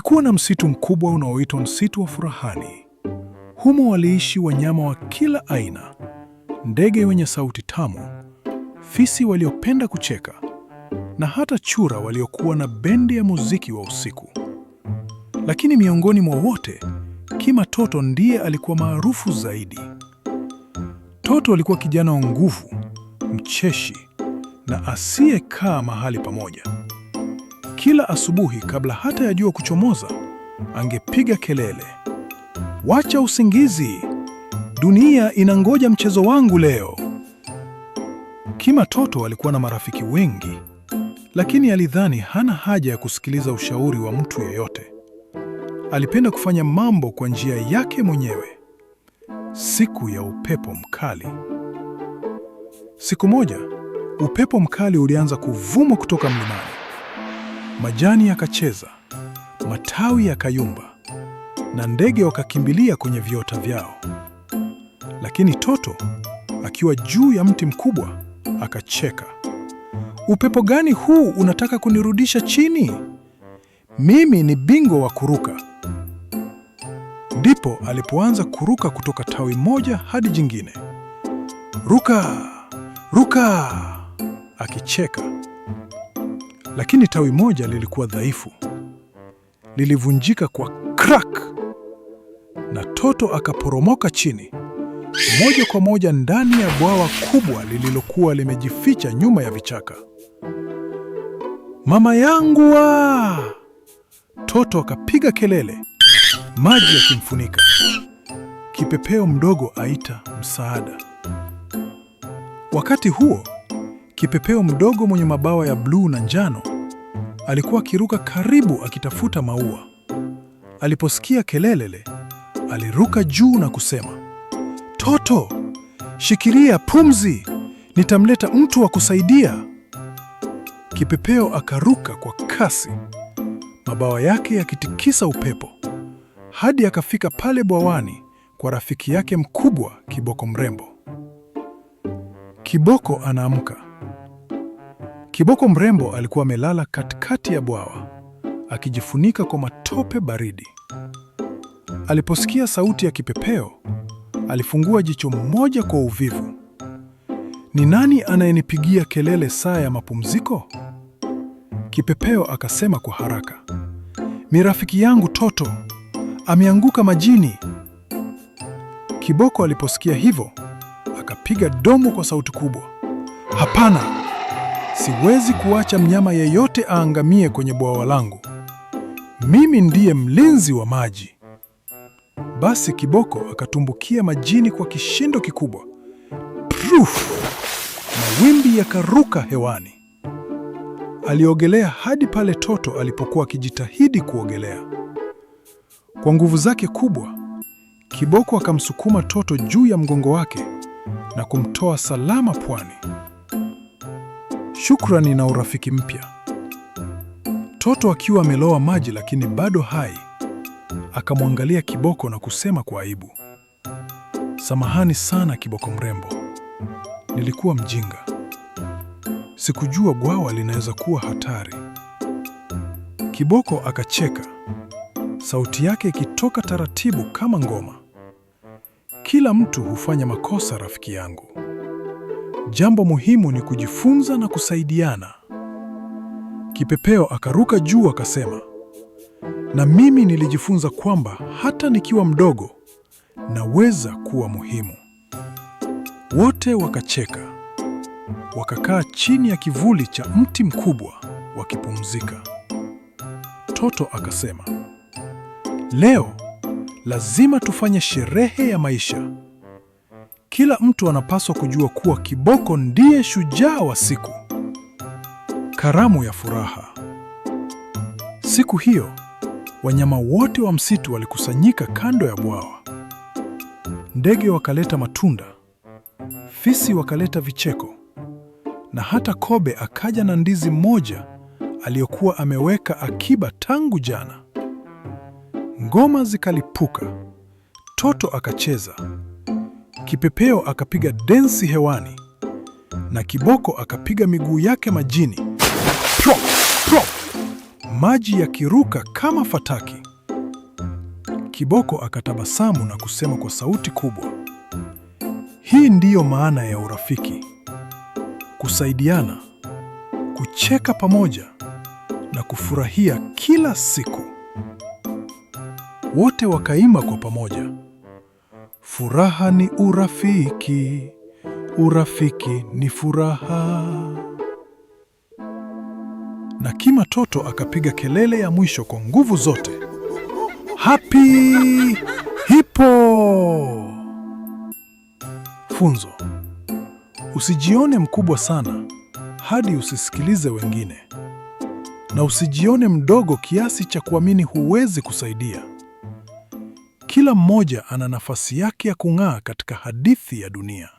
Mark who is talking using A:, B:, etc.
A: Kulikuwa na msitu mkubwa unaoitwa msitu wa Furahani. Humo waliishi wanyama wa kila aina, ndege wenye sauti tamu, fisi waliopenda kucheka na hata chura waliokuwa na bendi ya muziki wa usiku. Lakini miongoni mwa wote, Kima Toto ndiye alikuwa maarufu zaidi. Toto alikuwa kijana wa nguvu, mcheshi na asiyekaa mahali pamoja. Kila asubuhi kabla hata ya jua kuchomoza, angepiga kelele, wacha usingizi, dunia inangoja mchezo wangu leo. Kima Toto alikuwa na marafiki wengi, lakini alidhani hana haja ya kusikiliza ushauri wa mtu yeyote. Alipenda kufanya mambo kwa njia yake mwenyewe. Siku ya upepo mkali. Siku moja, upepo mkali ulianza kuvuma kutoka mlimani. Majani yakacheza, matawi yakayumba, na ndege wakakimbilia kwenye viota vyao. Lakini Toto akiwa juu ya mti mkubwa akacheka. Upepo gani huu unataka kunirudisha chini? Mimi ni bingwa wa kuruka. Ndipo alipoanza kuruka kutoka tawi moja hadi jingine. Ruka, ruka, akicheka lakini tawi moja lilikuwa dhaifu, lilivunjika kwa crack, na Toto akaporomoka chini moja kwa moja ndani ya bwawa kubwa lililokuwa limejificha nyuma ya vichaka. Mama yangu wa Toto akapiga kelele, maji yakimfunika. Kipepeo mdogo aita msaada. Wakati huo kipepeo mdogo mwenye mabawa ya bluu na njano alikuwa akiruka karibu akitafuta maua. Aliposikia kelelele, aliruka juu na kusema, Toto, shikilia pumzi, nitamleta mtu wa kusaidia. Kipepeo akaruka kwa kasi, mabawa yake yakitikisa upepo, hadi akafika pale bwawani kwa rafiki yake mkubwa, kiboko mrembo. Kiboko anaamka Kiboko mrembo alikuwa amelala katikati ya bwawa akijifunika kwa matope baridi. Aliposikia sauti ya kipepeo, alifungua jicho mmoja kwa uvivu. Ni nani anayenipigia kelele saa ya mapumziko? Kipepeo akasema kwa haraka, ni rafiki yangu Toto, ameanguka majini. Kiboko aliposikia hivyo, akapiga domo kwa sauti kubwa, hapana! siwezi kuacha mnyama yeyote aangamie kwenye bwawa langu. Mimi ndiye mlinzi wa maji. Basi kiboko akatumbukia majini kwa kishindo kikubwa, pruf! Mawimbi yakaruka hewani. Aliogelea hadi pale Toto alipokuwa akijitahidi kuogelea. Kwa nguvu zake kubwa, kiboko akamsukuma Toto juu ya mgongo wake na kumtoa salama pwani shukrani na urafiki mpya. Toto akiwa amelowa maji lakini bado hai, akamwangalia kiboko na kusema kwa aibu, samahani sana kiboko mrembo, nilikuwa mjinga, sikujua bwawa linaweza kuwa hatari. Kiboko akacheka, sauti yake ikitoka taratibu kama ngoma. Kila mtu hufanya makosa, rafiki yangu. Jambo muhimu ni kujifunza na kusaidiana. Kipepeo akaruka juu akasema, na mimi nilijifunza kwamba hata nikiwa mdogo naweza kuwa muhimu. Wote wakacheka, wakakaa chini ya kivuli cha mti mkubwa wakipumzika. Toto akasema, leo lazima tufanye sherehe ya maisha. Kila mtu anapaswa kujua kuwa kiboko ndiye shujaa wa siku. Karamu ya furaha. Siku hiyo wanyama wote wa msitu walikusanyika kando ya bwawa. Ndege wakaleta matunda, fisi wakaleta vicheko, na hata kobe akaja na ndizi moja aliyokuwa ameweka akiba tangu jana. Ngoma zikalipuka, Toto akacheza. Kipepeo akapiga densi hewani na kiboko akapiga miguu yake majini, plop, plop, maji yakiruka kama fataki. Kiboko akatabasamu na kusema kwa sauti kubwa, hii ndiyo maana ya urafiki: kusaidiana, kucheka pamoja na kufurahia kila siku. Wote wakaimba kwa pamoja. Furaha ni urafiki, urafiki ni furaha. Na kima toto akapiga kelele ya mwisho kwa nguvu zote, Happy Hippo! Funzo: usijione mkubwa sana hadi usisikilize wengine, na usijione mdogo kiasi cha kuamini huwezi kusaidia. Kila mmoja ana nafasi yake ya kung'aa katika hadithi ya dunia.